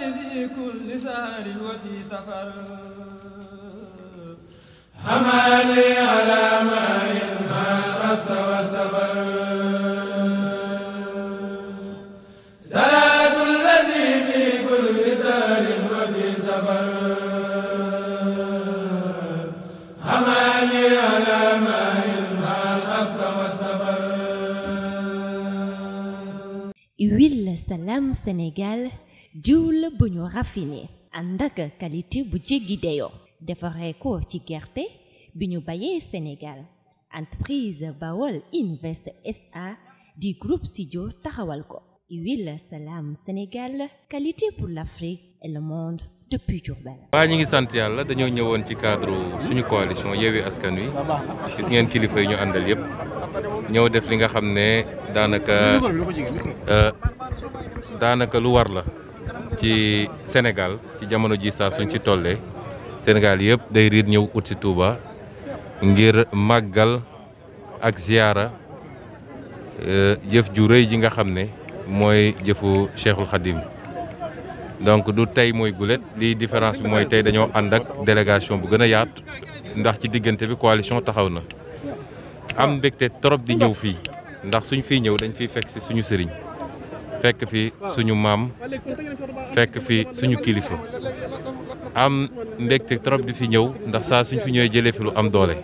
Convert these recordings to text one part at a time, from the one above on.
في كل سهر وفي سفر حمالي على ماء مع القبس والسفر صلاة الذي في كل سهر وفي سفر حمالي على ماء مع القبس والسفر Huile Salam Sénégal diw la bu ñu raffiné ànd ak qualité bu jéggi dayoo defaree ko ci gerte bi ñu bayee Sénégal entreprise Bawol Invest SA di groupe Sidio taxawal ko huile Salam Sénégal qualité pour l'Afrique et le monde depuis Diourbel. waa ñu ngi sant yàlla dañoo ñëwoon ci cadre suñu coalition Yewwi Askan Wi gis ngeen kilifa yi ñu àndal yépp ñëw def li nga xam ne daanaka euh, daanaka lu war la. ci Sénégal ci jamono ji saa suñ ci tollee Sénégal yëpp day riir ñëw ut si Touba ngir màggal ak ziyaara euh, jëf ju rëy ji nga xam ne mooy jëfu Cheikhul Khadim donc du tey mooy gulet lii différence bi mooy tey dañoo ànd ak délégation bu gën a yaat ndax ci diggante bi coalition taxaw na am mbégte trop di ñëw fii ndax suñ fii ñëw dañ fiy fekk si suñu sëriñ fekk fi suñu maam fekk fi suñu kilifa am mbégte trop di fi ñëw ndax saa suñ fi ñëwee jëlee fi lu am doole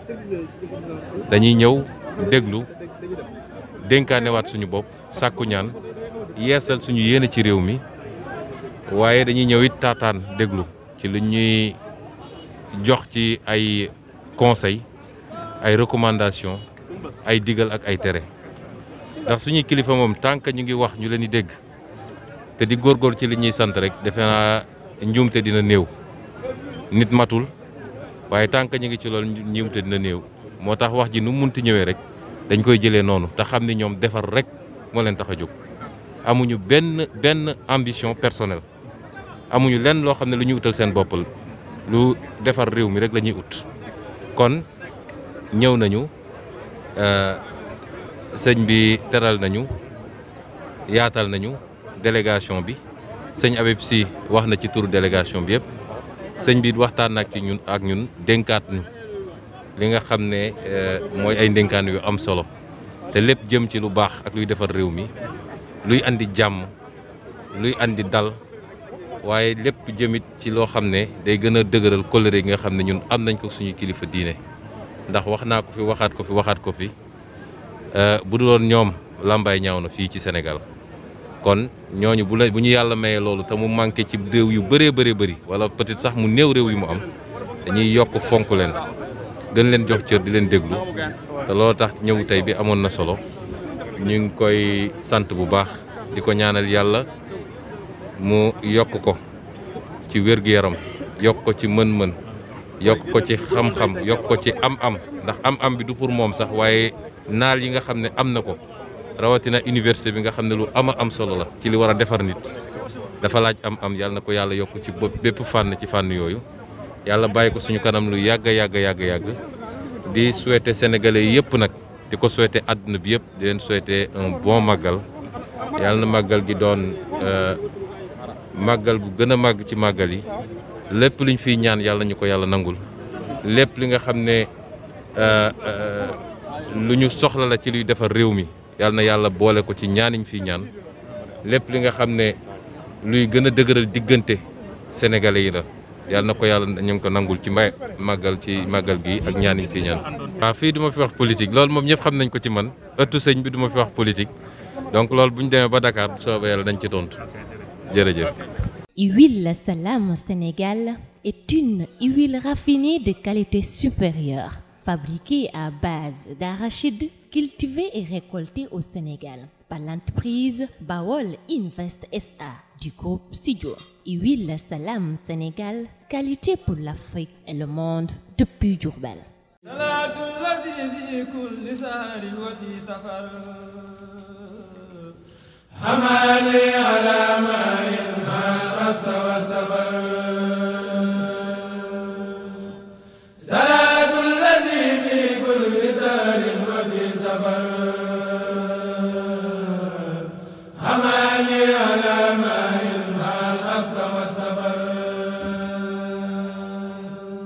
dañuy ñëw déglu dénkaanewaat suñu bopp sàkku ñaan yeesal suñu yéene ci réew mi waaye dañuy ñëw it taataan déglu ci li ñuy jox ci ay conseil ay recommandation ay digal ak ay tere ndax suñuy kilifa moom tànk ñu ngi wax ñu leen di dégg te di góor góor ci li ñuy sant rek defe naa njuumte dina néew nit matul waaye tànk ñu ngi ci loolu njuumte dina néew moo tax wax ji nu munti ñëwee rek dañ koy jëlee noonu te xam ni ñoom defar rek moo leen tax a jóg amuñu benn benn ambition personnelle amuñu lenn loo xam ne lu ñuy utal seen boppal lu defar réew mi rek lañuy ut kon ñëw nañu euh, sëñ bi teral nañu yaatal nañu délégation bi sëñ Habib Sy wax na ci turu délégation bi yëpp sëñ bi waxtaan ak ci ñun ak ñun dénkaat ñu li nga xam ne euh, mooy ay ndénkaan yu am solo te lépp jëm ci lu baax ak luy defar réew mi luy andi jàmm luy indi dal waaye lépp jëmit ci loo xam ne day gën a dëgëral kóllëre yi nga xam ne ñun am nañ ko suñu kilifa diine ndax wax naa ko fi waxaat ko fi waxaat ko fi Euh, bu dul woon ñoom làmbaay ñaaw na fii ci Sénégal kon ñooñu bu la bu ñu yàlla mayee loolu te mu manqué ci réew yu bëree bëree bëri wala peut-être sax mu néew réew yu mu am dañuy yokk fonk leen gën leen jox cër di leen déglu te loolu tax ñëw tey bi amoon na solo ñu ngi koy sant bu baax di ko ñaanal yàlla mu yokk ko ci wér-gu-yaram yokk ko ci mën-mën. yokk ko ci xam-xam yokk ko ci am-am ndax am-am bi du pour moom sax waaye naal yi nga xam ne am na ko rawatina université bi nga xam ne lu ama am solo la ci li war a defar nit dafa laaj am-am yàlla na ko yàlla yokk ci bopp bépp fànn ci fànn yooyu yàlla bàyyi ko suñu kanam lu yàgg yàgg yàgg yàgg di souhaiter sénégalais yëpp nag di ko souhaiter àdduna bi yëpp di leen souhaiter un bon màggal yàlla na màggal gi doon euh, màggal bu gën a màgg ci màggal yi. lépp ñu fi ñaan yàlla ñu ko yàlla nangul lépp li nga xam ne euh, euh, lu ñu soxla la ci luy defar réew mi yàlla na yàlla boole ko ci ñaaniñ fi ñaan lépp li nga xam ne luy gën a dëgëral diggante sénégalais yi la yàlla na ko yàlla ñu ngi ko nangul ci may màggal ci màggal gi ak ñaaniñ fiy ñaan waaw fii du ma fi wax politique loolu moom ñëpp xam nañ ko ci man ëttu sëñ bi duma ma fi wax politique donc loolu bu ñu demee ba dakaar bu soobee yàlla dañ ci tontu jërëjëf Huile Salam Sénégal est une huile raffinée de qualité supérieure, fabriquée à base d'arachide, cultivée et récoltée au Sénégal par l'entreprise Bawol Invest SA du groupe Sidio. Huile Salam Sénégal, qualité pour l'Afrique et le monde depuis Djourbel. sa